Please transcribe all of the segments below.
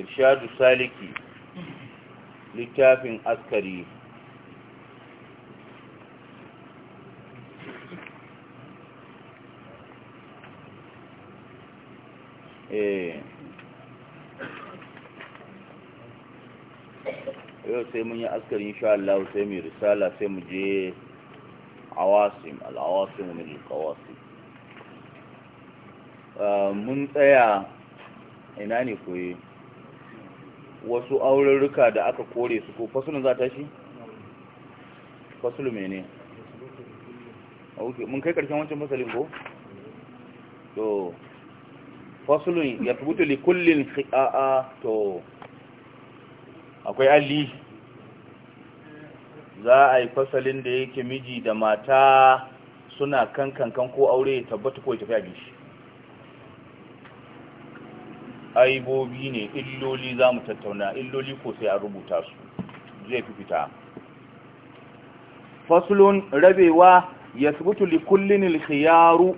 irshadu saliki littafin askari eh. yau sai mun yi askari insha Allah sai mu risala sai mu je awasim al-awasim min al ah, mun tsaya ina ne koyi wasu aurarruka da aka kore su ko fasulun za ta shi? fasulun mene mun kai karshen wancan fasalin ko? to fasulun ya fi li kullin a'a to akwai alli za a yi fasalin da yake miji da mata suna kan kankan ko aure tabbata ko ya tafi a bishi aibobi ne illoli za mu tattauna illoli ko sai a rubuta su zai fi fita fasulun rabewa ya subutu likullin kullin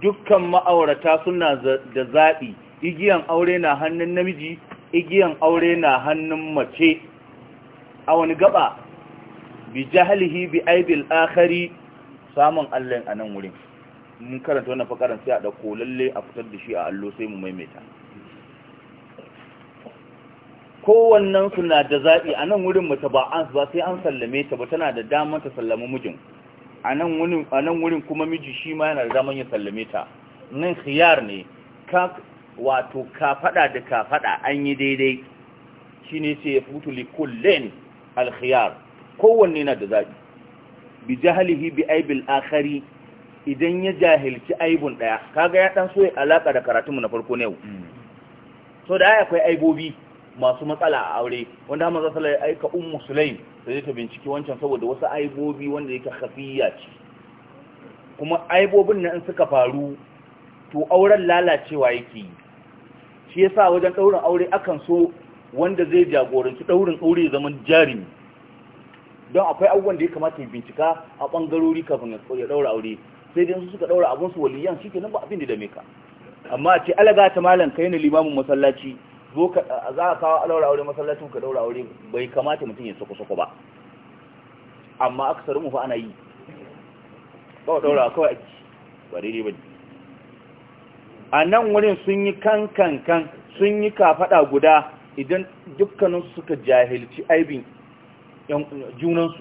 dukkan ma'aurata suna da zaɓi igiyan aure na hannun namiji igiyan aure na hannun mace a wani gaba bi jahalihi bi aibil akhari samun allah a nan wurin mun karanta wannan fakaran sai a ɗauko lalle a fitar da shi a allo sai mu maimaita kowannen su na da zaɓi a nan wurin mace ba an ba sai an sallame ta ba tana da damar ta sallama mijin a nan wurin kuma miji shi ma yana da damar ya sallame ta nan khiyar ne ka wato ka fada da ka fada an yi daidai Shi ne sai ya futu li kullen al khiyar kowanne na da zaɓi bi jahalihi bi aibil akhari idan ya jahilci aibun daya kaga ya dan so ya alaka da karatunmu na farko ne mm. so da akwai aibobi masu matsala a aure wanda manzo sallallahu ya aika ummu sulaim zai ta binciki wancan saboda wasu aibobi wanda yake khafiyya ce kuma aibobin nan suka faru to auren lalacewa yake yi shi yasa wajen daurin aure akan so wanda zai jagoranci daurin aure zaman jarimi don akwai abubuwan da ya kamata ya bincika a bangarori kafin ya daura aure sai dai su suka daura abun su waliyan nan ba abin da dame ka amma a ce alaga ta malam kai ne limamin masallaci zo ka za a kawo alaura aure masallacin ka daura aure bai kamata mutum ya sako-sako ba amma mu fa ana yi ba daura kawai ake ba daidai ba a nan wurin sun yi kankankan sun yi kafaɗa guda idan dukkaninsu suka jahilci aibin junansu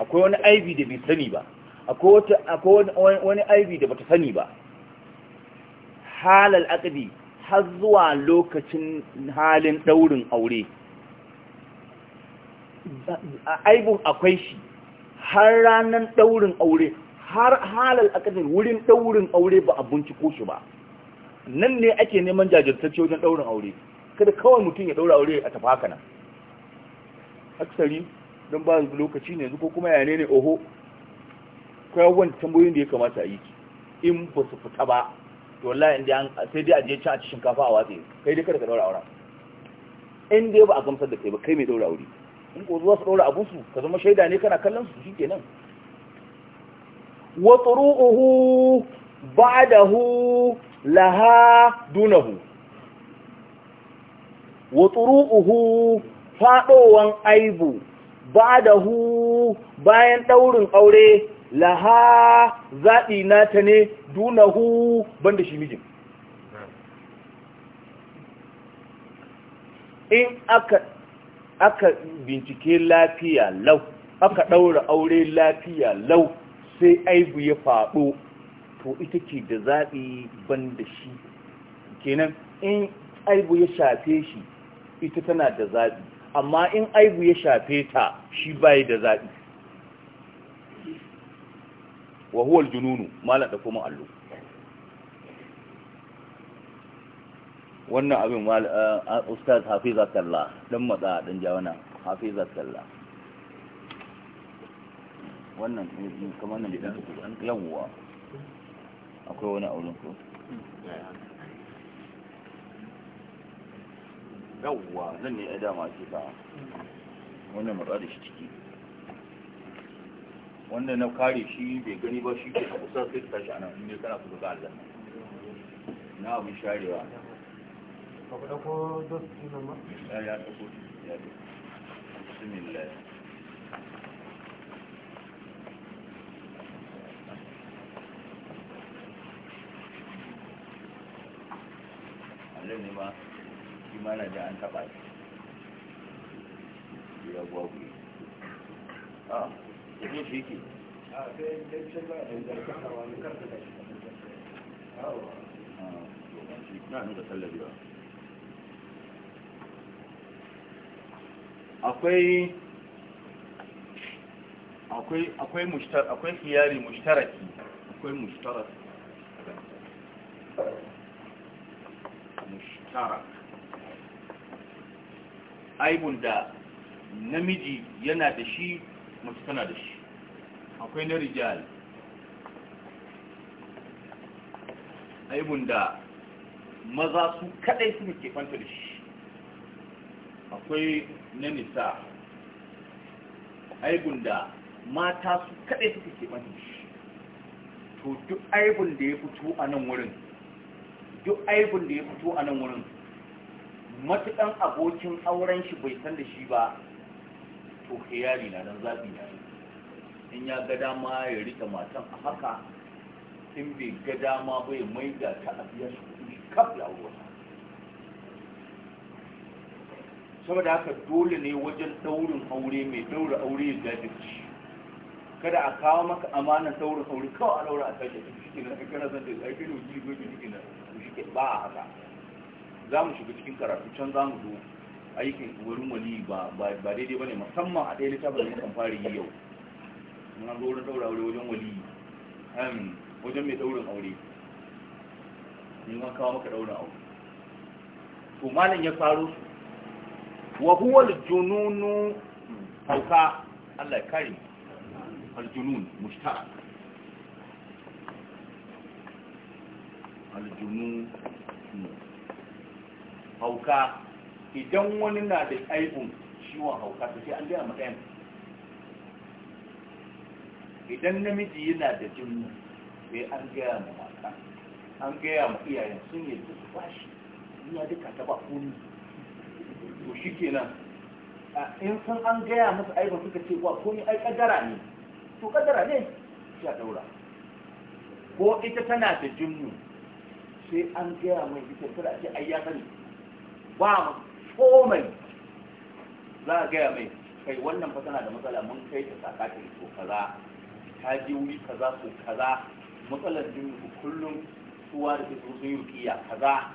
akwai wani aibi da bai sani ba akwai wani aibi da bata sani ba halal aqdi har zuwa lokacin halin ɗaurin aure a aibun akwai shi har ranar ɗaurin aure har halar akadin wurin ɗaurin aure ba a binciko shi ba nan ne ake neman jajirtacce wajen ɗaurin aure kada kawai mutum ya ɗaura aure a tafi haka nan aksari don ba lokaci ne ko kuma yane ne oho kawai wani tambayoyin da ya kamata a yi in ba su fita ba to wallahi inda an sai dai a je can a ci shinkafa a watsi kai dai kada ka daura aure in dai ba a gamsar da kai ba kai mai daura aure in ko zuwa su daura abun su ka zama shaida ne kana kallon su shikenan wa turuhu ba'dahu laha dunahu wa turuhu fadowan aibu ba'dahu bayan daurin aure laha na ta ne dunahu banda shi mijin in aka bincike lafiya lau aka ɗaura aure lafiya lau sai aibu ya faɗo to ita ke da zaɓi banda shi kenan in aibu ya shafe shi ita tana da zaɓi amma in aibu ya shafe ta shi bai da zaɓi wa huwa aljununu malan da kuma allo wannan abin eh, eh, ustaz hafizakallah dan matsa dan jawana hafizakallah wannan kamar nan da an yawwa akwai wani auren ko yawwa zan ne ya dama ce ba wannan matsa da shi ciki wanda na kare shi bai gani ba shi ke kusa sai ta tashi ana inda kana su ga aljanna na abin sharewa ka kuɗa ko dosti na ma ya ya ta ko ya ta bismillah Allah ne ma imana da an taɓa shi ya gwagwe a cikin shi akwai akwai akwai mushtar akwai khiyari mushtaraki aibun da namiji yana da shi mace tana da shi akwai na rijal aibun da maza su kadai su ke fanta da shi akwai na nisa aibun da mata su kadai su ke fanta da shi to duk aibun da ya fito a nan wurin duk aibun da ya fito a nan wurin matukan abokin auren shi bai san da shi ba to yari na don zaɓi na shi in ya ga dama ya rike matan a haka in bai ga dama bai mai da ta abiya su kuɗi kaf ya wata saboda haka dole ne wajen daurin aure mai daura aure ya jajirci kada a kawo maka amana ɗaurin aure kawai a daura a kashe ta shi kenan kai kana zanta a ya kai doki zo ki kenan to shi ke ba a haka za mu shiga cikin karatu can za mu zo aikin wani wani ba daidai ba ne musamman a ɗaya littafin da kan fara yi yau na zo wurin daura aure wajen wali wajen mai daurin aure in an kawo maka daurin aure to malin ya faro su wa huwa al-jununu hauka Allah ya kare al-junun mushtarak al-junun hauka idan wani na da aibun ciwon hauka sai an gaya maka idan namiji yana da jinnu sai an gaya ma mata an gaya ma iyayen sun da su bashi ina duka ta ba kuni to shi kenan in sun an gaya musu aibin suka ce wa komi ai kaddara ne to kaddara ne ya daura ko ita tana da jinnu sai an gaya mai ita kada ce ai ya sani ba komai za a gaya mai kai wannan fa tana da matsala mun kai ta saka ta ko kaza Ka je wuri kaza ko kaza matsalar jinnu kullum suwa da su sun yi rukiya kaza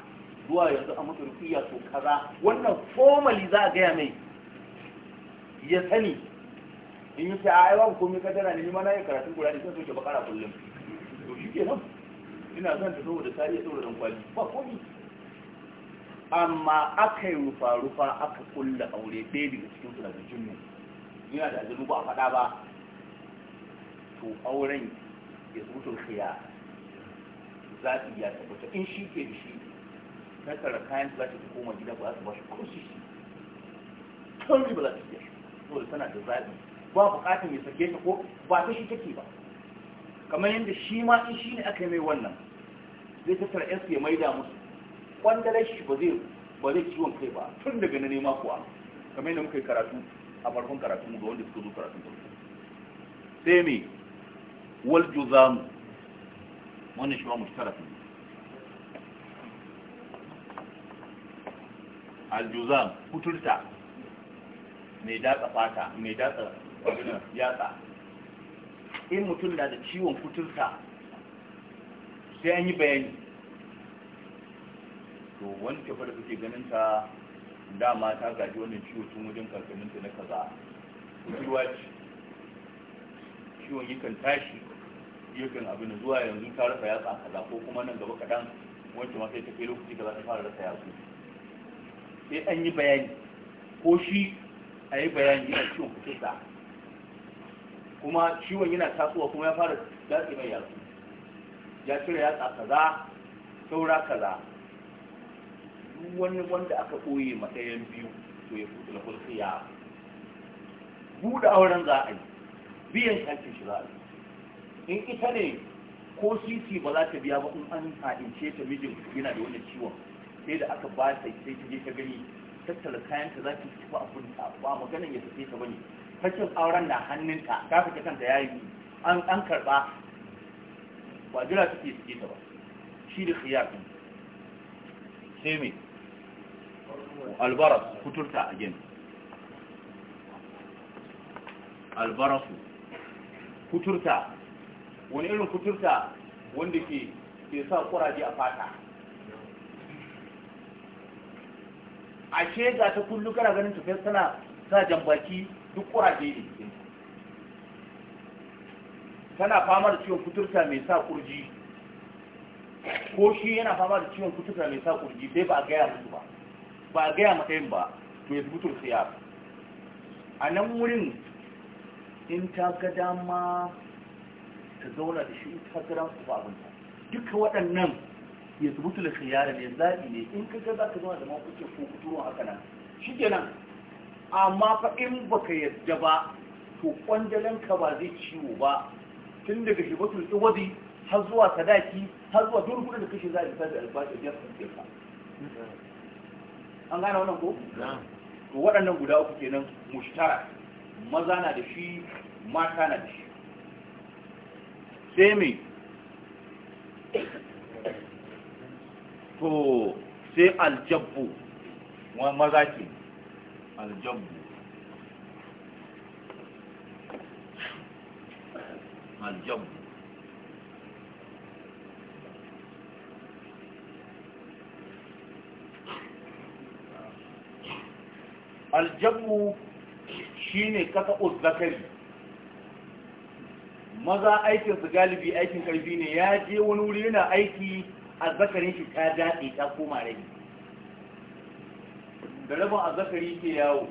zuwa yanzu a mutu rukiya ko kaza wannan formally za a gaya mai ya sani in yi sai a aiwa ko mai kadar ne ma na yi karatun kura ne sai soke bakara kullum to shi ke nan ina son ta saboda tari ya saboda kwali ba kwali. amma aka yi rufa-rufa aka kulla aure ɗaya daga cikin su daga jinnu ina da ajalu ba a faɗa ba to auren ya zubutul khiya zaɓi ya tabbata in shi ke da shi na tsara kayan za ta koma gida ba su ba shi ko shi kawai ba za ta iya shi da tana da zaɓi ba buƙatar ya sake ta ko ba ta shi take ba kamar yadda shi ma in shi ne aka yi mai wannan zai tattara yansu ya maida musu kwandalar shi ba zai ba zai ciwon kai ba tun daga na nema kuwa kamar yadda muka yi karatu a farkon karatu mu ga wanda suka zo karatu sai me والجذام وانا wannan مشترك الجذام mushtarak ne فاتا mai mai in mutum na da ciwon kuturta sai an yi bayani to wani da kake ganin ta dama ta gaji wannan ciwo tun wajen kakanninta na kaza kuturwa ce ciwon yakan tashi yakan na zuwa yanzu ta rasa yatsa kaza ko kuma nan gaba kaɗan wacce ma sai ta kai lokaci kaza ta fara rasa yatsu sai an yi bayani ko shi a yi bayani yana ciwon da kuma ciwon yana tasowa kuma ya fara datse mai yatsu ya cire yatsa kaza saura kaza duk wani wanda aka ɓoye matsayin biyu to ya fito da kulkiya buɗe auren za a yi biyan haƙƙin shi za a in ita ne ko sisi ba za ta biya ba in an haɗince ta mijin yana da wani ciwon sai da aka ba ta sai ta je ta gani tattala kayanta za ta tafi abinta ba maganin ya tafi ta bane kashin auren na hannun ta fita kanta ya yi an an karɓa ba jira take suke ta ba shi da khiyar din sai me albaras kuturta again albarasu kuturta wani irin kuturta wanda ke ke sa kuraje a fata ashe ga ta kullu kana ganin tafiyar tana sa jambaki duk kuraje ne tana fama da ciwon kuturta mai sa kurji ko shi yana fama da ciwon kuturta mai sa kurji sai ba a gaya musu ba ba a gaya mata yin ba to ya sai ya a nan wurin in ta ga dama ta zauna da shi ta ga su ba abin duka waɗannan ya zubutu da khiyara ya zaɓi ne in ka ga za ka zauna da mafuke ko kuturo haka nan shi ke nan, amma fa in baka yadda ba to kwandalan ka ba zai ciwo ba tun daga shi batun tsawadi har zuwa sadaki har zuwa duk kudin da kashe za a lissafi albashi da sun ce ka an gane wannan ko to waɗannan guda uku kenan mushtara maza na da shi mata na da shi sai mai to sai aljabbu wani maza ke aljabbu aljabbu aljabbu Shi ne kasa zakari maza aikin su galibi aikin karfi ne ya je wani wuri yana aiki a zakarin shi ta daɗe ta koma rai da rabin a zakari ke yawo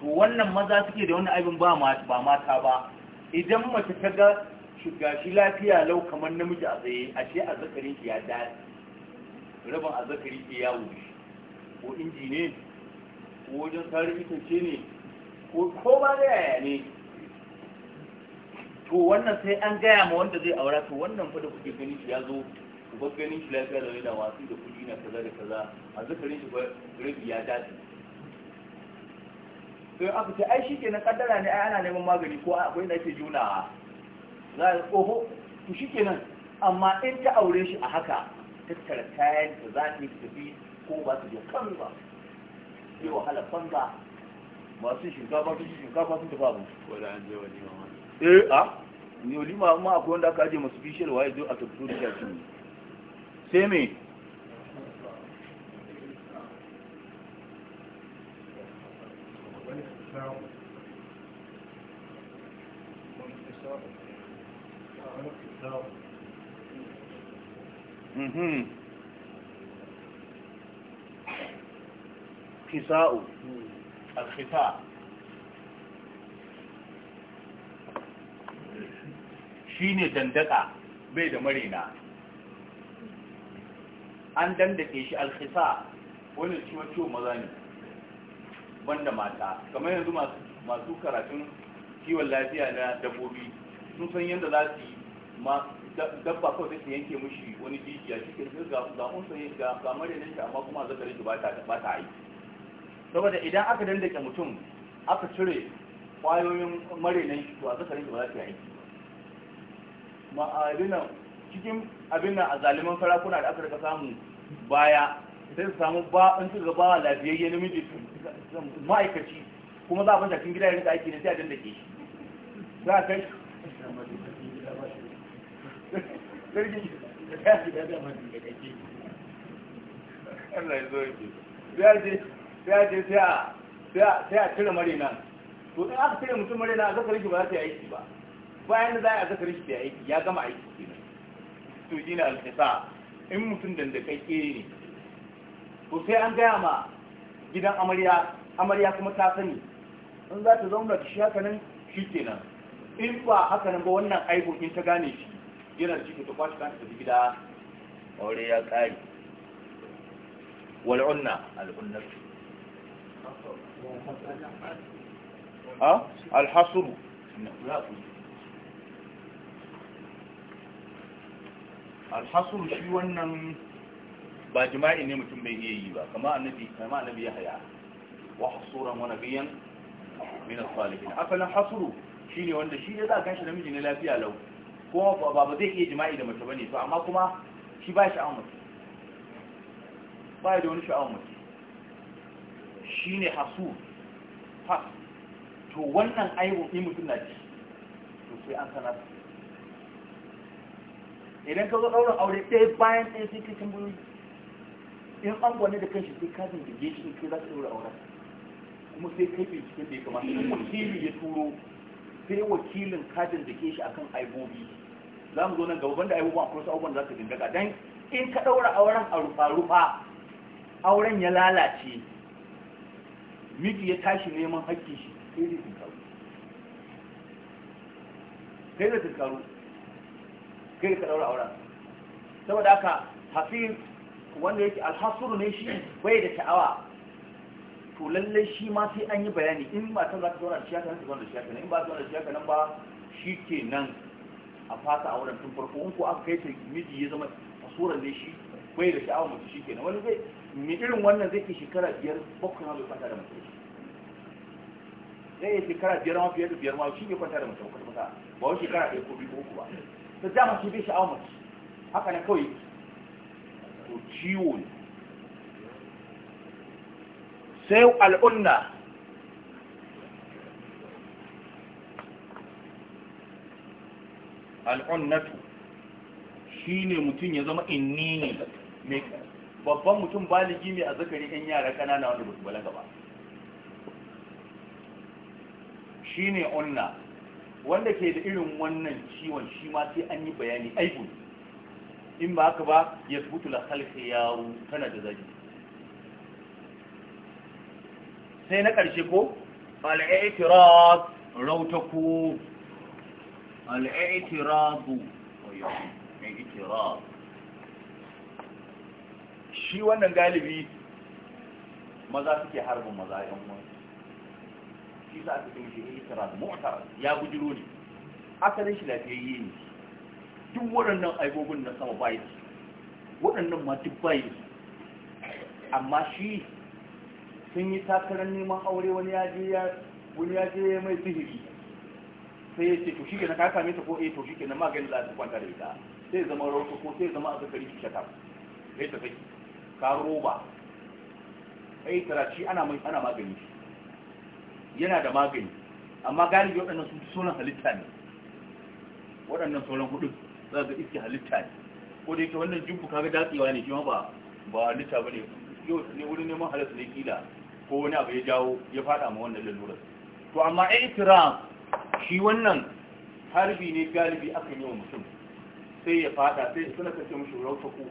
to wannan maza suke da wani abin ba mata ba idan mace ta ga shiga shi lafiya lau kamar namiji a tsaye a ce a zakarin shi ya daɗe rabin a zakari ke yawo shi ko inji ne wajen ta ce ne ko ba da yaya ne to wannan sai an gaya ma wanda zai aura to wannan fa da kuke gani shi ya zo ku ba ganin shi lafiya da da wasu da kuɗi na kaza da kaza a zakarin shi ba rabi ya dace sai aka ce ai shi ke na kaddara ne ai ana neman magani ko akwai da ke juna za a oho to ke nan amma in ta aure shi a haka tattara kayan da za ta yi tafi ko ba ta je kan ba sai wahala banza masu shinkafa su shinkafa sun tafi abu je eh a ah? ni olima ma akwai wanda aka aje masu bishiyar waye zo a da shi sai me Mm-hmm. alkhisa'u alkhisa shine dandaka bai da marina an dandake shi alkhisa wani ciwo maza ne banda mata kamar yanzu masu karatun kiwon lafiya na dabbobi sun san yadda za su yi dabba kawai take yanke mushi wani jijiya shi ke ga unsa ga kamar yadda amma kuma zakarin shi ba ta aiki saboda idan aka dandake mutum aka cire kwayoyin mare shi to a zakarin da ba za ta yi aiki a cikin abin nan a zaliman sarakuna da aka rika samu baya sai su samu ba in su gaba lafiyayye namiji ma'aikaci kuma za a banta kin gida ya rika aiki ne sai a dandake shi za a kai Allah ya zo ya ce sai a cire mare nan to in aka cire mutum mare nan a zakarin shi ba za ta yi aiki ba bayan da za a zakarin shi ta yi aiki ya gama aiki kenan to shi ne alfisa in mutum dandakakke ne to sai an gaya ma gidan amarya amarya kuma ta sani in za ta zauna ta shi haka nan shi kenan in ba haka nan ba wannan aibun in ta gane shi yana da cikin ta kwashi kanta ta gida aure ya kare wal'unna al'unnatu ها الحصر الحصر شي wannan ba jima'i ne mutum bai iya yi ba kama annabi kama annabi ya haya wa hasuran wa nabiyan min as-salihin asalin hasuru ne wanda shi ne za ka shi da miji ne lafiya lau ko ba ba zai iya jima'i da mutum bane to amma kuma shi ba shi sha'awar mace ba da wani sha'awar mace Shi ne hasu fas to wannan aibun in mutum na ci to sai an sanar idan ka zo ɗaurin aure ɗaya bayan ɗaya sai ka buri in an gwane da kanshi sai ka zindige shi in kai za ka ɗaura auren kuma sai kai cikin da ya kamata in wakili ya turo sai wakilin ka zindige shi akan aibobi za mu zo nan gaba banda aibobin akwai wasu abubuwan za ka zindaga dan in ka ɗaura auren a rufa-rufa auren ya lalace miki ya tashi neman hakki shi sai zai tunkaru kai zai tunkaru kai ka daura auren saboda haka hafiz wanda yake alhasuru ne shi bai da sha'awa to lallai shi ma sai an yi bayani in ba za ta zauna da haka nan ta zauna da haka nan in ba ta zauna da haka nan ba shi ke nan a fata a wurin tun farko in ko aka kai ta miji ya zama asuran ne shi bai da sha'awar mutu shi kenan wani zai mai irin wannan zai ke shekara biyar bakwai ma bai kwanta da mace zai yi shekara biyar ma fiye da biyar ma shi bai kwanta da mutu kwata kwata ba wani shekara ɗaya ko biyu uku ba ta dama shi bai sha'awar mutu haka na kawai to ciwo ne sai al'unna al'unnatu shi ne mutum ya zama inni ne mai babban mutum baligi a zakari yan yara kanana wanda ba su balaga ba ne onna wanda ke da irin wannan ciwon shi ma sai an yi bayani aibu in ba haka ba ya sabutu la halka tana da zagi sai na ƙarshe ko al'aitiraz ko al'aitirazu al'aitiraz shi wannan galibi maza suke harbin maza yan wani shi za a cikin shi ikrar mu'tar ya gujiro ne asalin shi lafiyayye ne duk waɗannan aibobin na sama bayi waɗannan ma duk bayi amma shi sun yi takarar neman aure wani ya je ya wani ya je mai sihiri sai ya ce to shi na kaka mai ta ko eh to shi na magani za ta kwanta da ita sai zama rauta ko sai zama a zakari shi shakar sai ta saki ka roba ai tarashi ana mai ana magani yana da magani amma galibi waɗannan sun sunan halitta ne waɗannan sauran hudu za ga iske halitta ne ko da yake wannan jubbu kaga datsewa ne shi ma ba ba halitta bane yau ne wurin neman halitta ne kila ko wani abu ya jawo ya fada ma wannan lalura to amma ai i'tiram shi wannan harbi ne galibi aka yi wa mutum sai ya fada sai suna kace mishi rauta ku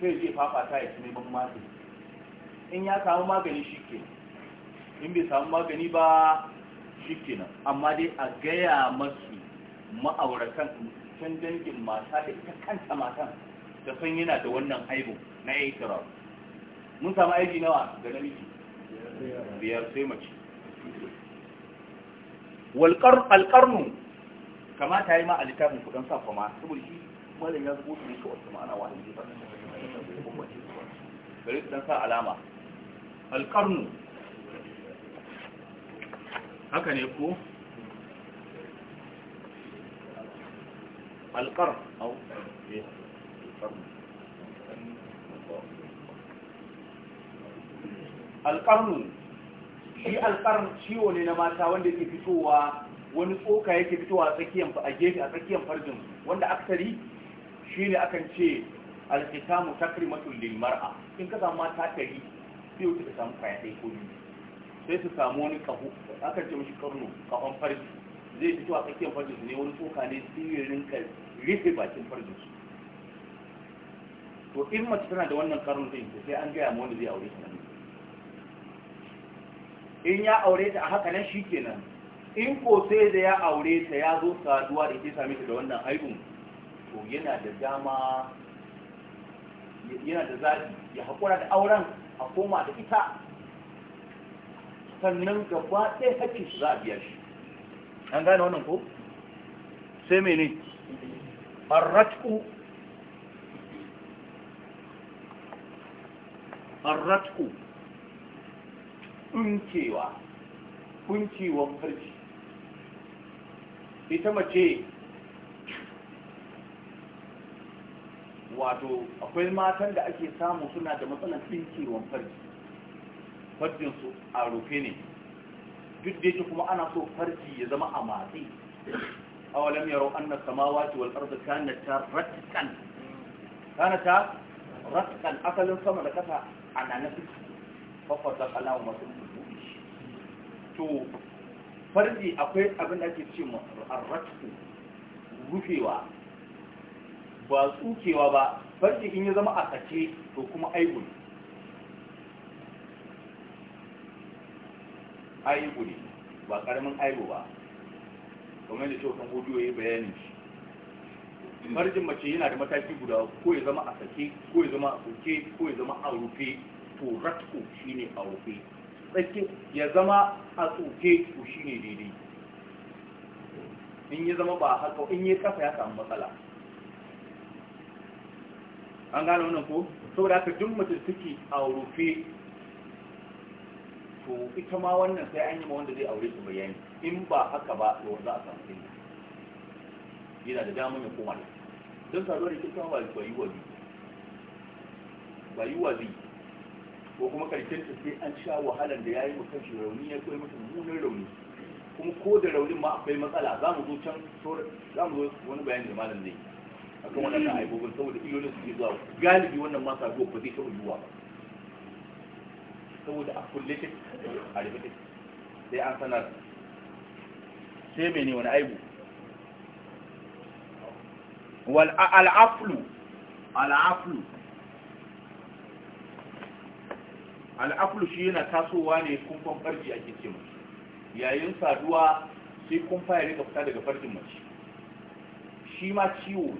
sai zai fafata ya ci neman magani in ya samu magani shi ke in bai samu magani ba shi ke nan amma dai a gaya masu ma'auratan can dangin mata da ita kanta matan da san yana da wannan aibun na aitirar mun samu aiki nawa da namiji biyar sai mace alƙarnu kamata ya yi ma a littafin kudan sa kwama saboda shi malin ya zubo su ne kawai ma'ana wahayi zai faɗa bari dan sa alama alƙarnu haka ne ko alƙar au eh, alƙarnu shi alƙarnu ciwo ne na mata wanda yake fitowa wani tsoka yake fitowa a gefe a tsakiyar farjin wanda aksari shi ne akan ce alkitamu takrimatul lil mar'a in ka samu mata tari sai wuce ka samu kaya sai ko biyu sai su samu wani kahu aka ce mishi karno kahon farji zai fito a tsakiyar farji ne wani tsoka ne sirrin ka rufe bakin farji su to in mace tana da wannan karno din sai an gaya ma wanda zai aure ta in ya aure ta a haka nan shikenan in ko sai da ya aure ta ya zo saduwa da ke same ta da wannan aibun to yana da dama yana da zaɓi ya haƙura da auren a koma da ita sannan gaba ɗaya haƙƙin su za a biya shi an gane wannan ko sai mene arratku arratku ɗunkewa ɗunkewan farji ita mace wato akwai matan da ake samu suna da matsalar tsinkewar farji farjinsu a rufe ne duk da yake kuma ana so farji ya zama a matsi awalam yaro anna samawati wal ardi kanata ratqan kanata ratqan asalin sama da kasa ana nafi fafata kalamu masu to farji akwai abin da ake ce ma ratku, rufewa ba tsukewa ba farki in ya zama a sace to kuma aibu ne aibu ne ba karamin aibu ba kamar da shokan hudu ya bayani bayanin shi mace yana da mataki guda ko ya zama a sace, ko ya zama a soke ko ya zama a rufe to ratko shine a rufe tsakin ya zama a tsoke to shine daidai in ya zama ba haka in ya kafa ya samu matsala an gano wannan ko saboda haka duk mutum suke a rufe to ita ma wannan sai an yi ma wanda zai aure su bayani in ba haka ba to za a samu illa yana da damar ya koma da don saduwa da kisa ba ba yi wazi ba yi wazi ko kuma karshen ta sai an sha wahalar da ya yi mutum shi rauni ya koyi mutum munin rauni kuma ko da raunin ma akwai matsala za mu zo can za mu zo wani bayani da malam zai akan waɗannan aibobin saboda illolin su ke zuwa galibi wannan masa zuwa ba zai taɓa yiwuwa ba saboda a kulle shi a sai an sanar sai mene wani aibu al'aflu al'aflu al'aflu shi yana tasowa ne kumfan farji ake ce mace yayin saduwa sai kumfa ya rika fita daga farjin mace shi ma ciwo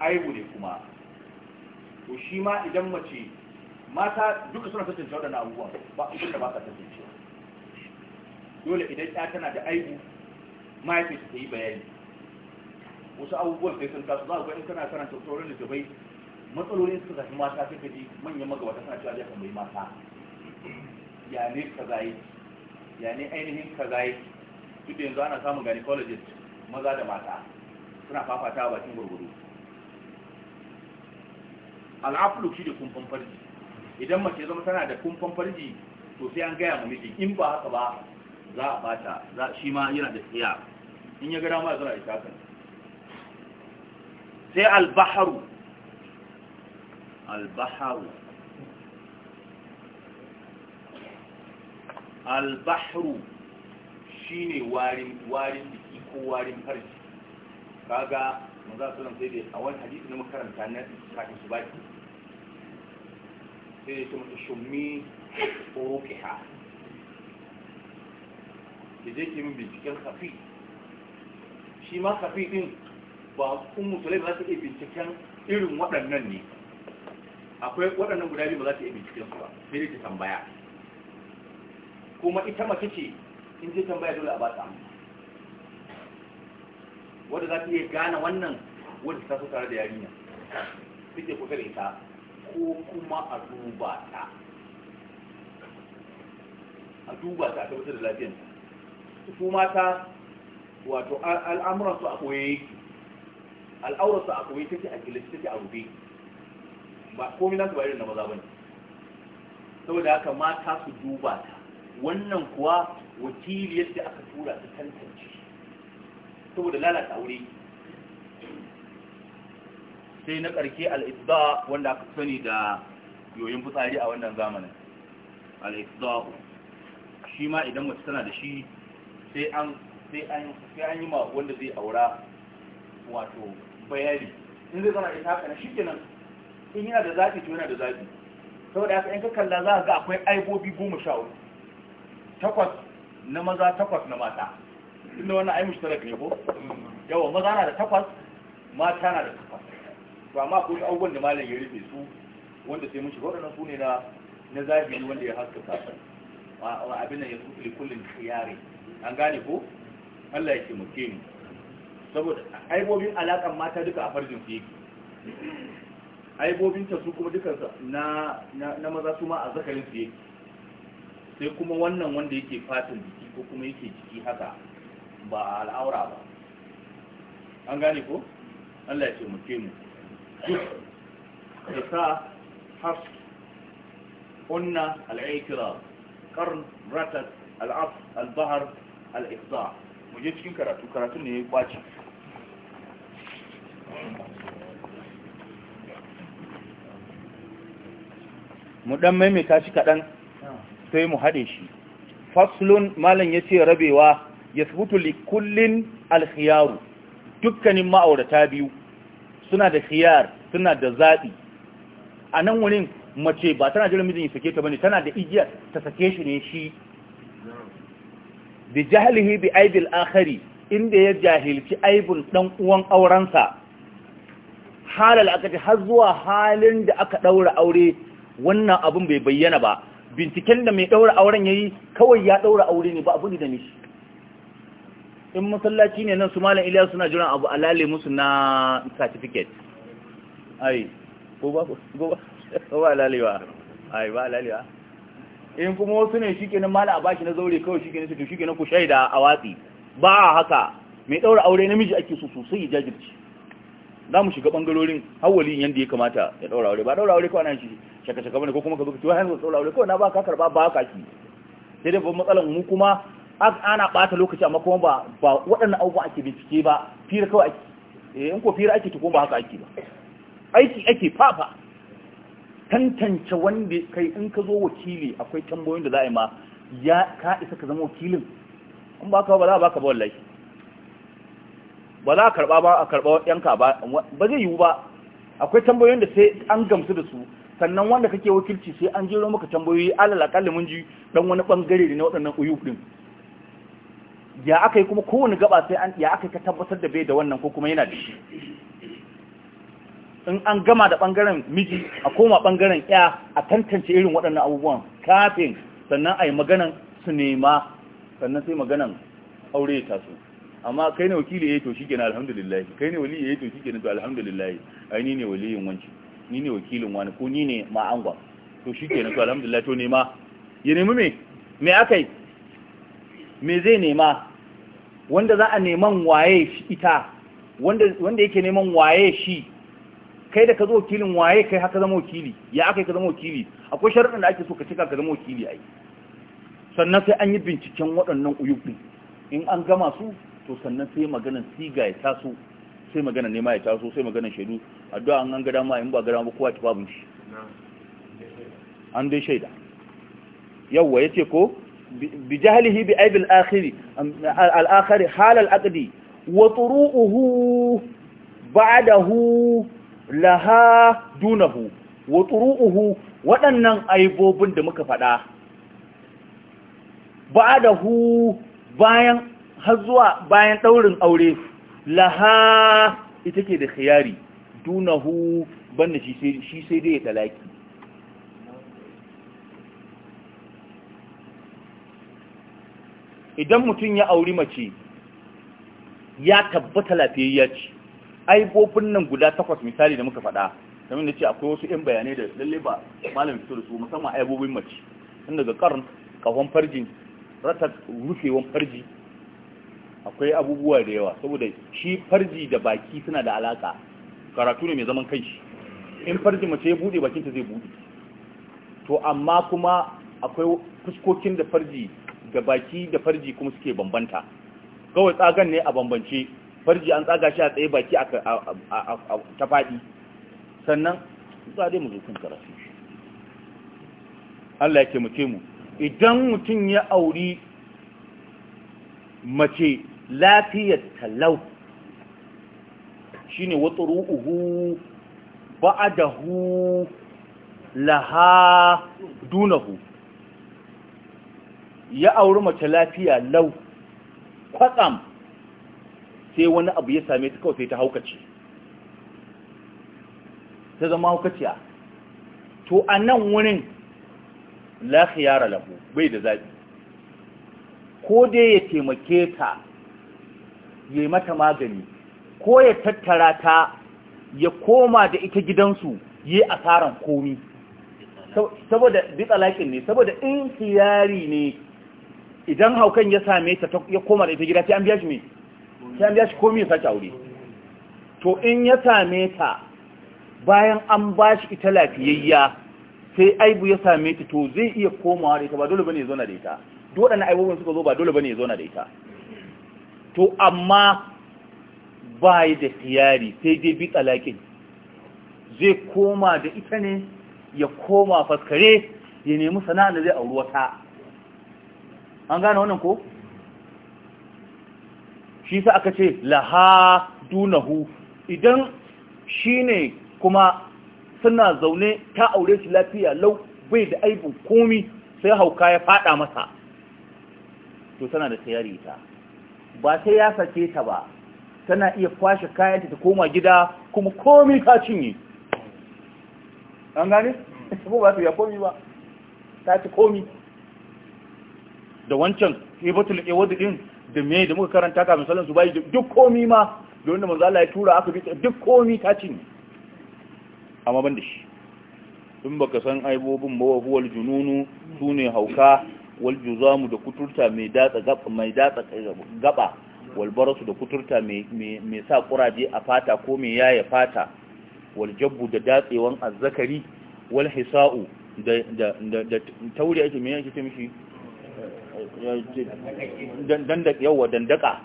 aibu ne kuma to shi ma idan mace mata duka suna tantance waɗannan abubuwan ba su da ba ka tantance dole idan ya tana da aibu mahaifinta ta yi bayani wasu abubuwan sai sun kasu za a ga in kana karanta sauran da dabai matsalolin suka zafi mata suka ji manyan magabata suna cewa zai bai mata ya ne kaza yake ya ne ainihin kaza yake duk da yanzu ana samun gynecologist maza da mata suna fafata bakin gurguru al'afulu shi da kumfan farji idan mace zama tana da kumfan farji to sai an gaya ma miji in ba haka ba za a bata za shi ma yana da tsaya in ya ga ma zara ita kan sai al-baharu al-baharu al-bahru shine warin warin jiki ko warin farji kaga su nan sai dai a wani hadisi na makaranta na kafin su baki sai dai kuma shummi ha ki je ki min binciken kafi shi ma kafi din ba ummu ba za ta iya binciken irin waɗannan ne akwai waɗannan guda biyu ba za ta iya binciken su ba sai da ta tambaya kuma ita mace ce in je tambaya dole a ba ta amsa wadda za ta iya gane wannan wadda ta so tare da yarinya take kusa da ita ko kuma a duba ta a duba ta a tabbatar da lafiyar su mata wato al'amuran su a koye yake al'aurar su a koye take a gilashi take a rufe ba komai su ba irin na maza bane saboda haka mata su duba ta wannan kuwa wakiliyar da aka tura ta tantance saboda lalata aure sai na ƙarshe al'isda wanda aka sani da yoyin fitsari a wannan zamanin al'isda shi ma idan mace tana da shi sai an yi ma wanda zai aura wato bayani in zai zama ita haka na shi kenan in yana da zaɓi to yana da zaɓi saboda haka in ka kalla za ga akwai aibobi goma sha takwas na maza takwas na mata inda wannan ai mushtarak ne ko yawa maza na da takwas mata na da takwas to amma shi abubuwan da malam ya rufe su wanda sai mun shiga waɗannan su ne na na zahiri wanda ya haska wa abin nan ya sufi kullum yare an gane ko Allah ya taimake mu saboda aibobin alakan mata duka a farjin su yake aibobin ta su kuma dukan na na maza su ma a zakarin su yake sai kuma wannan wanda yake fatan jiki ko kuma yake jiki haka ba al'aura ba an gane ko Allah ya ce mu da sa haf kunna al'aikira karn ratat al'af al-bahar al mu je cikin karatu karatu ne ya kwaci mu dan maimaita shi kaɗan sai mu haɗe shi faslun malam ya ce rabewa yasbutu li kullin alkhiyaru dukkanin ma'aurata biyu suna da khiyar suna da zaɓi. a nan wurin mace ba tana jiran mijin ya sake ta bane tana da igiyar ta sake shi ne shi bi jahlihi bi aibil akhari inda ya jahilci aibun dan uwan aurensa halal aka har zuwa halin da aka ɗaura aure wannan abun bai bayyana ba binciken da mai ɗaura auren yayi kawai ya ɗaura aure ne ba da ne da in masallaci ne nan su malam Iliya suna jiran abu alale musu na certificate ai ko ba ko ba alalewa ai ba alalewa in kuma wasu ne shi kenan malam a bashi na zaure kawai shikenan su to kenan ku shaida a watsi ba haka mai daura aure namiji ake so sosai jajirci za mu shiga bangarorin hawali yanda ya kamata ya daura aure ba daura aure kawai nan shi shaka shaka bane ko kuma ka zo ka ci hanzu daura aure kawai na ba ka karba ba ka ki sai dai babban matsalan mu kuma ana ɓata lokaci amma kuma ba ba waɗannan abubuwa ake bincike ba fira kawai ake eh, in ko fira ake to kuma ba haka ake ba aiki ake fafa tantance wanda kai in ka zo wakili akwai tambayoyin da za a yi ma ya ka isa ka zama wakilin in ba ka ba za a baka ba wallahi ba za a karɓa ba a karba yanka ba ba zai yiwu ba akwai tambayoyin da sai an gamsu da su sannan wanda kake wakilci sai an jero maka tambayoyi alal akalli mun ji dan wani bangare ne na waɗannan uyu. din ya aka yi kuma kowane gaba sai an ya aka ka tabbatar da bai da wannan ko kuma yana da shi in an gama da bangaren miji a koma bangaren ya a tantance irin waɗannan abubuwan kafin sannan a yi maganan su nema sannan sai maganan aure ya taso amma kai ne wakili ya yi to na alhamdulillah kai ne wali ya yi to ke to alhamdulillah ai ni ne waliyin wanci ni ne wakilin wani ko ni ne ma angwa to shikenan to alhamdulillah to nema ya nemi me me yi? me zai nema wanda za a neman waye shi ita wanda yake neman waye shi kai da ka zo wakilin waye kai haka zama wakili ya aka yi ka zama wakili akwai sharaɗin da ake so ka cika ka zama wakili yi sannan sai an yi binciken waɗannan uyubin in an gama su to sannan sai maganan siga ya taso sai magana nema ya taso sai magana shaidu addu'a an an gada ma in ba gada ba kowa ta babu shi an dai shaida yawwa ce ko bi jahlihi bi aibil akhiri al akhari hal al aqdi wa dunahu wa turuhu waɗannan aibobin da muka faɗa ba'dahu bayan har zuwa bayan ɗaurin aure laha ita ke da khiyari dunahu banda shi sai dai ya talaki idan mutum ya auri mace ya tabbata lafiyayya ce aibofin nan guda takwas misali da muka faɗa kamar da ce akwai wasu 'yan bayanai da lalle ba malam fito da su musamman aibobin mace tun daga karn kahon farjin ratar rufewan farji akwai abubuwa da yawa saboda shi farji da baki suna da alaka karatu ne mai zaman kai shi in farji mace ya bude bakinta zai bude to amma kuma akwai fuskokin da farji ga baki da farji kuma suke bambanta kawai tsagan ne a bambance farji an tsaga shi a tsaye baki a ta faɗi sannan za dai mu zo karatu Allah ya taimake mu idan mutum ya auri mace lafiyar talau shine wata ru'uhu ba'adahu laha dunahu ya auri mace lafiya lau kwatsam sai wani abu ya same ta kawai sai ta haukace ta zama haukaciya to a nan wurin la lafu bai da zaɓi ko dai ya taimake ta ya mata magani ko ya tattara ta ya koma da ita gidansu yi asaran komi saboda bitsa tsalakin ne saboda in khiyari ne idan haukan ya same ta ya koma da ita gida sai an biya shi me sai an biya shi komai ya sake aure to in ya same ta bayan an ba shi ita lafiyayya sai aibu ya same ta to zai iya komawa da ita ba dole bane ya zauna da ita duk waɗannan aibobin suka zo ba dole bane ya zauna da ita to amma ba yi da tiyari sai dai bi talakin zai koma da ita ne ya koma faskare ya nemi sana'a da zai auri wata an gane wannan ko shi sa aka ce laha dunahu idan shi ne kuma suna zaune ta aure shi lafiya lau bai da aibin komi sai hauka ya fada masa to tana da tayari ta ba sai ya sace ta ba tana iya kwashe kayanta ta koma gida kuma komi ta cinye an gane? Hmm. ba su ya komi ba ta ci komi da wancan ibatul iwad din da me da muka karanta kafin sallan su bai duk komi ma da wanda manzo Allah ya tura aka bi duk komi ta cinye amma ban da shi in baka san aibobin ba huwal jununu sune hauka wal juzamu da kuturta mai datsa gaba mai datsa gaba wal barasu da kuturta mai mai sa kuraje a fata ko mai yaya fata wal jabbu da datsewan azzakari wal hisa'u da da da tauri ake mai yake ce mishi yawa dandaka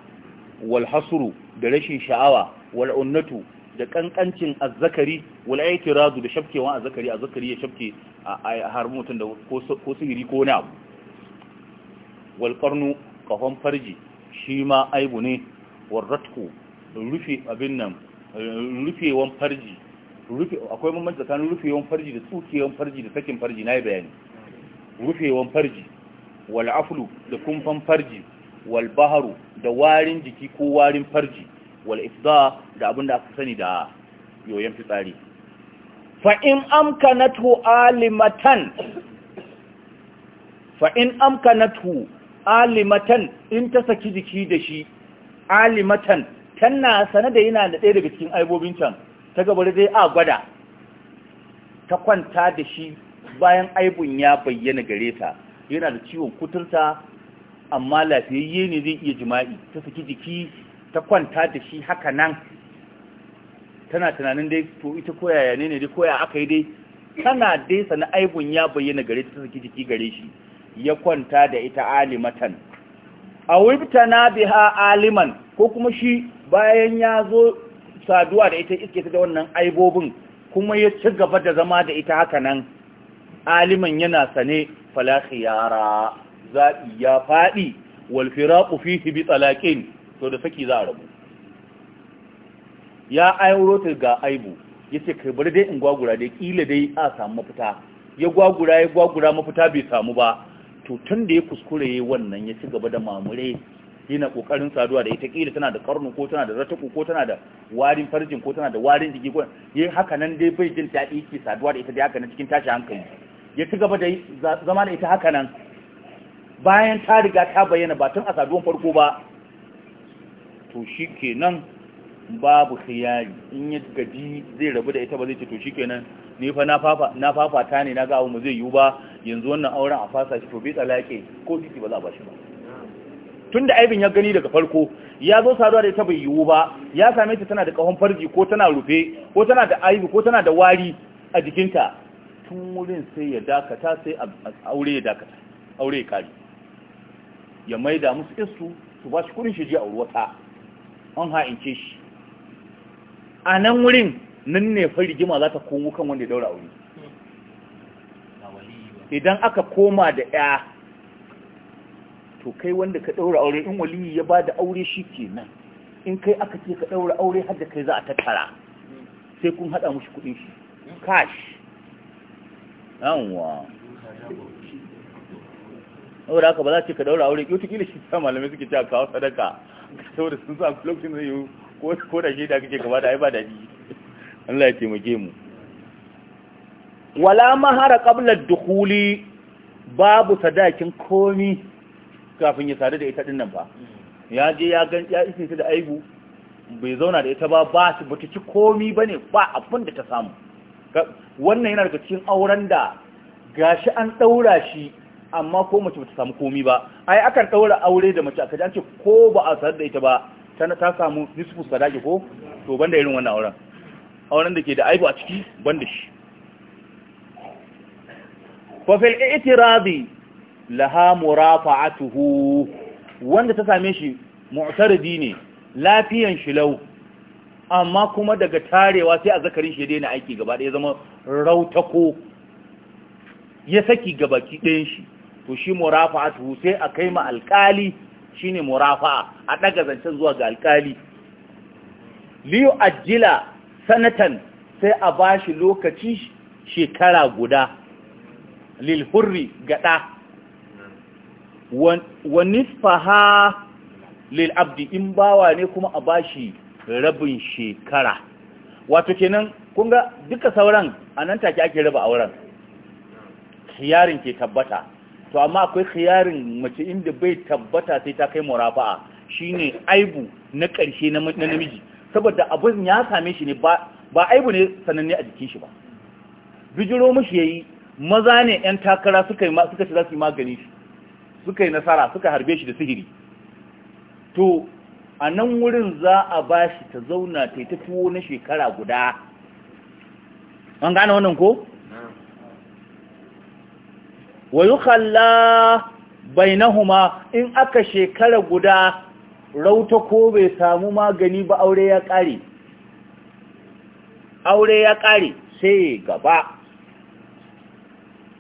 wal hasru da rashin sha'awa wal unnatu da kankancin azzakari wal aitiradu da shafkewan azzakari azzakari ya shafke a har mutun da ko sihiri ko na Walƙarnu wal qarnu farji shi ma aibu ne wal ratku rufe abin nan rufewan farji rufe akwai mamman tsakanin rufewan farji da tsukewan farji da sakin farji na yi bayani rufewan farji wal aflu da kumfan farji wal baharu da warin jiki ko warin farji wal ifda da aka sani da yoyon fitsari fa in amkanatu alimatan fa in amkanatu alimatan in ta saki jiki da shi alimatan tana sane da yana da ɗaya daga cikin aibobin can ta gabar dai a gwada ta kwanta da shi bayan aibun ya bayyana gare ta yana da ciwon kuturta amma lafiyayye ne zai iya jima'i ta saki jiki ta kwanta da shi haka nan tana tunanin dai to ita koyaya ne ne dai koya aka yi dai tana dai sana aibun ya bayyana gare ta saki jiki gare shi ya kwanta da ita alimatan a na biha aliman ko kuma shi bayan ya zo saduwa da ita iske ta da wannan aibobin kuma ya ci gaba da zama da ita haka nan aliman yana sane fala yara zaɓi ya faɗi wal firaqu fihi bi talaqin to da saki za a rabu ya ayuro ta ga aibu yace kai bari dai in gwagura dai kila dai a samu mafita ya gwagura ya gwagura mafita bai samu ba to tun da ya kuskure wannan ya ci gaba da mamure yana kokarin saduwa da ita kila tana da karnu ko tana da rataku ko tana da warin farjin ko tana da warin jiki ko yayin haka nan dai bai jin dadi yake saduwa da ita dai haka nan cikin tashi hankali ya ci gaba da zama da ita haka nan bayan ta riga ta bayyana ba tun a saduwan farko ba to shi kenan babu khiyari in ya gaji zai rabu da ita ba zai ce to shi kenan ne fa na ta ne na ga abu mu zai yiwu ba yanzu wannan auren a fasa shi to bai tsalaƙe ko titi ba za a ba shi ba tun da aibin ya gani daga farko ya zo saduwa da ita bai yiwu ba ya same ta tana da kahon farji ko tana rufe ko tana da aibi ko tana da wari a jikinta tun wurin sai ya dakata sai aure ya dakata aure ya kare ya maida musu isu su ba shi kudin shi je auri wata an ha'ince shi a nan wurin nan ne fari gima za ta komo kan wanda ya daura aure idan aka koma da ya to kai wanda ka daura aure in waliyi ya ba da aure shi ke nan. in kai aka ce ka daura aure har kai za a tattara sai kun hada mushi kudin shi cash yawwa saboda haka ba za ce ka daura aure kyautu kila shi ta malamai suke ta kawo sadaka saboda sun sa lokacin zai yi ko da shi kake gaba da ai ba daɗi Allah ya taimake mu wala mahara qabla dukhuli babu sadakin komi kafin ya sadu da ita din nan ba ya je ya gan ya isin da aibu bai zauna da ita ba ba shi bata ci komi bane ba abin da ta samu wannan yana daga cikin auren da gashi an ɗaura shi amma ko mace bata samu komi ba ai akan ɗaura aure da mace aka ji an ce ko ba a sanar da ita ba tana ta samu nisfu sadaki ko to banda irin wannan auren auren da ke da aibu a ciki banda shi fa fil i'tiradi laha murafa'atuhu wanda ta same shi mu'taridi ne lafiyan shi lau amma kuma daga tarewa sai a zakarin shi daina aiki gaba ɗaya zama rautako ya saki gabaki ɗayan shi to shi tuhu sai a kai ma shi shine murafa'a a ɗaga zancen zuwa ga alƙali liyu ajila sanatan sai a ba shi lokaci shekara guda lil gaɗa wa nisfaha lil abdi in bawa ne kuma a ba shi. rabin shekara wato kenan kun ga duka sauran a nan take ake raba auren khiyarin ke tabbata to amma akwai khiyarin mace inda bai tabbata sai ta kai murafa'a shine aibu na ƙarshe na namiji saboda abun ya same shi ne ba aibu ne sananne a jikin shi ba bijiro mishi yayi maza ne yan takara suka yi suka ci za su yi magani shi suka yi nasara suka harbe shi da sihiri to a nan wurin za a ba shi ta zauna ta yi na shekara guda an gane wannan ko? yi kalla bainahuma in aka shekara guda rauta ko bai samu magani ba aure ya ƙare aure ya ƙare sai gaba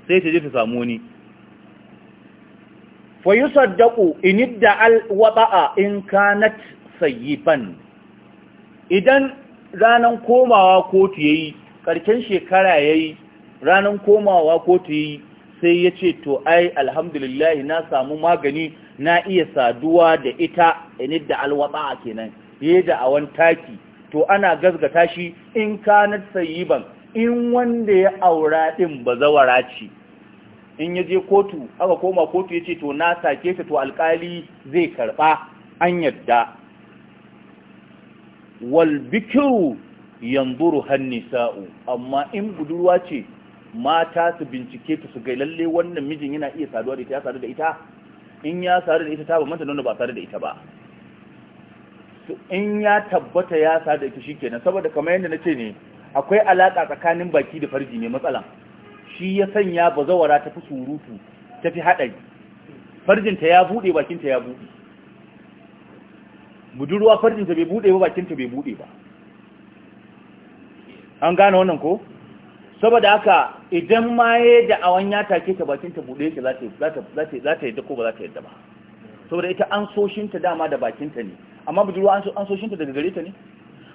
sai ta je ta samu wani fa yusaddaqu in idda'a al in kanat sayyiban idan ranan komawa kotu yayi karken shekara yayi ranan komawa kotu yayi sai yace to ai alhamdulillah na samu magani na iya saduwa da ita in idda'a al kenan yayi da awan taki to ana gazgata shi in kanat sayyiban in wanda ya aura din bazawara ce in ya je kotu aka koma kotu ya ce to na sake ta to alkali zai karba an yadda wal bikiru yanzuru sa'u. amma in budurwa ce mata su bincike ta su gai lalle wannan mijin yana iya saduwa da ita ya sadu da ita in ya sadu da ita ta ba mata nuna ba sadu da ita ba in ya tabbata ya sadu da ita shi kenan saboda kamar yadda na ce ne akwai alaƙa tsakanin baki da farji ne matsalan shi ya sanya bazawara tafi surutu tafi haɗari farjinta ya buɗe bakinta ya buɗe budurwa farjinta bai buɗe ba bakinta bai buɗe ba an gane wannan ko saboda haka idan ma ya da awan ya take ta bakinta buɗe yake za ta yadda ko ba za ta yadda ba saboda ita an soshinta dama da bakinta ne amma budurwa an soshinta daga gare ta ne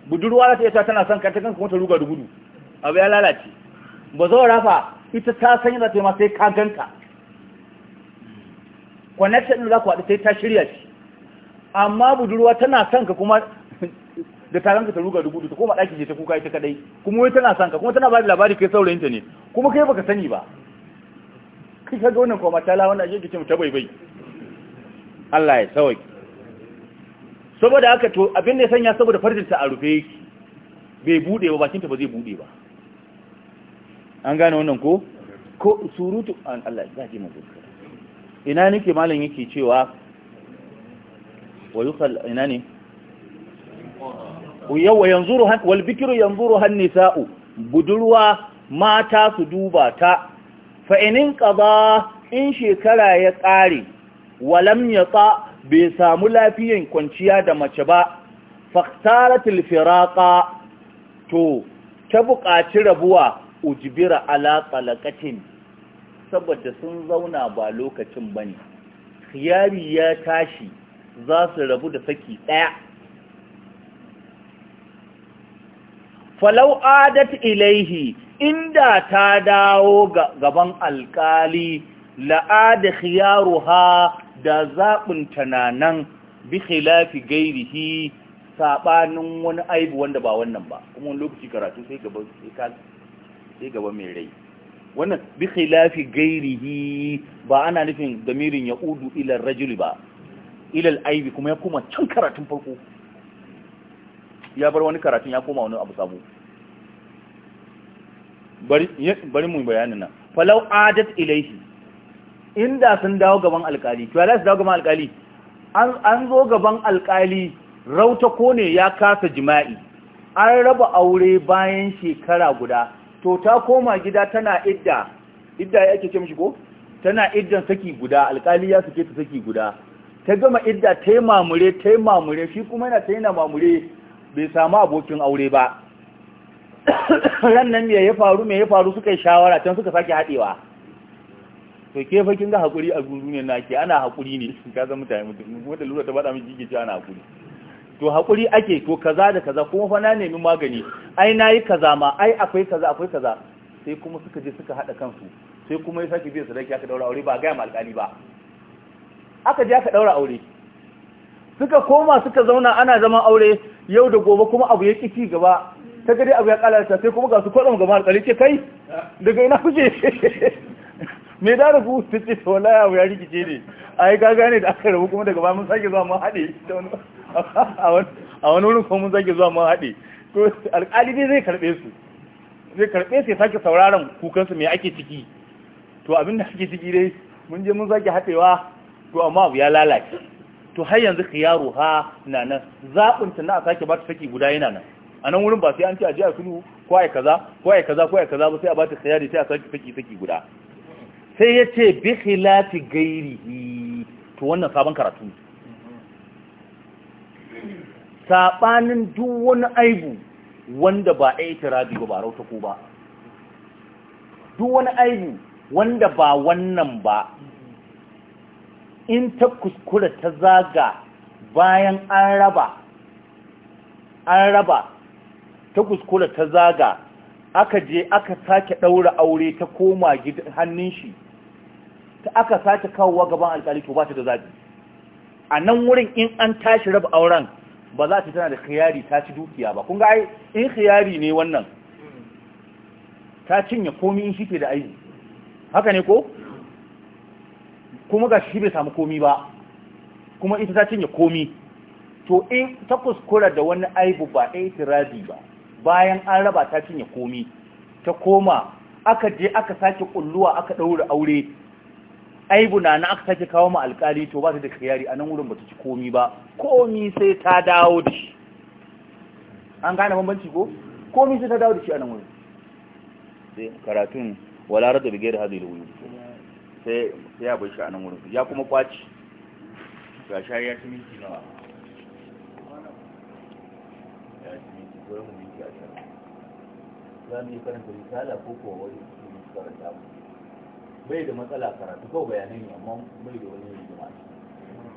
budurwa za ta iya tana son kanta kanka kuma ta ruga da gudu abu ya lalace ba zo rafa ita ta san yana taimaka sai ka ganka connection ɗin za ku haɗu sai ta shirya shi amma budurwa tana san ka kuma da taron ka ta ruga dubu ta koma ɗaki ce ta kuka ita kadai kuma wai tana san ka kuma tana ba da labari kai saurayinta ne kuma kai baka sani ba kai ka ga wannan kuma ta la wannan ake kice mu ta bai-bai. Allah ya sauke saboda haka to abin da ya sanya saboda farjinta a rufe yake bai buɗe ba bakinta ba zai buɗe ba an gane wannan ko ko surutu an Allah ya ji mu ina nake malam yake cewa wa yukhal ina ne yawa yanzuru han wal bikru yanzuru han nisa'u budurwa mata su duba ta fa inin qada in shekara ya kare walam yata bai samu lafiyan kwanciya da mace ba faktaratul firaqa to ta buƙaci rabuwa ujbira ala talaqatin saboda sun zauna ba lokacin bane khiyari ya tashi za su rabu da saki ɗaya falau adat ilaihi inda ta dawo gaban alkali la khiyaru khiyaruha da zaɓin tananan bi khilafi gairihi saɓanin wani aibu wanda ba wannan ba kuma wani lokaci karatu sai gaba sai gaba mai rai wannan bi khilafi gairihi ba ana nufin damirin ya udu ila rajuli ba ila aibi kuma ya koma can karatun farko ya bar wani karatun ya koma wani abu sabo bari mu bayanin nan falau adat ilaihi inda sun dawo gaban alkali to su dawo gaban alkali an zo gaban alkali rauta kone ya kasa jima'i an raba aure bayan shekara guda to ta koma gida tana idda idda ya ce mishi ko tana iddan saki guda alƙali ya suke ta saki guda ta gama idda ta yi mamure ta yi mamure shi kuma yana ta yana mamure bai samu abokin aure ba Rannan me ya faru me ya faru suka yi shawara can suka sake haɗewa to ke fa kin ga hakuri a duniya nake ana hakuri ne ka zama mutane mutum wanda lura ta bada miki ci ana hakuri to haƙuri ake to kaza da kaza kuma fa na nemi magani ai na yi kaza ma ai akwai kaza akwai kaza sai kuma suka je suka haɗa kansu sai kuma ya sake biyan sadaki aka daura aure ba gaya ma alƙali ba aka je aka daura aure suka koma suka zauna ana zaman aure yau da gobe kuma abu ya kici gaba ta gari abu ya ƙalarta sai kuma ga su kwaɗon gama alƙali ce kai daga ina kuje me da rufu ta ce wala ya rikice ne a yi gaga da aka rabu kuma daga ba mun sake zuwa mun haɗe ta wani a wani wurin kuma mun zage zuwa mun haɗe to alƙali dai zai karɓe su zai karɓe su ya sake sauraron kukansu mai ake ciki to abin da ake ciki dai mun je mun zage haɗewa to amma abu ya lalace to har yanzu yaro ha na nan zaɓinta na a sake ba ta saki guda yana nan a nan wurin ba sai an ce a je a sulhu ko yi kaza ko yi kaza ko yi kaza ba sai a ba ta khiyari sai a sake saki saki guda sai ya ce bi khilafi gairihi to wannan sabon karatu ne saɓanin duk wani aibu wanda ba a yi ba ba rauta ko ba duk wani aibu wanda ba wannan ba in ta kuskura ta zaga bayan an raba an raba ta kuskura ta zaga aka je aka sake ɗaura aure ta koma hannun shi ta aka sake kawowa gaban alƙali to ba ta da zaɓi a nan wurin in an tashi raba auren ba za ta tana da khiyari ta ci dukiya ba kun ga ai in khiyari ne wannan ta cinye komi in shike da ai haka ne ko kuma ga shi bai samu komi ba kuma ita ta cinye komi to in ta kuskura da wani aibu ba itirazi ba bayan an raba ta cinye komi ta koma aka je aka sake kulluwa aka daura aure aibu na na aka sake kawo ma alkali to ba ta da kiyari a nan wurin ba ta ci komi ba komi sai ta dawo da shi an gane bambanci ko komi sai ta dawo da shi a nan wurin sai karatun wala rada bigayar da wuyu sai ya bai shi a nan wurin ya kuma kwaci ga shari ya ci minti nawa ya ci minti ko mu minti a can za mu yi karanta risala ko kowa wani karanta mu bai da matsala karatu ko bayanai ne amma bai da wani rigima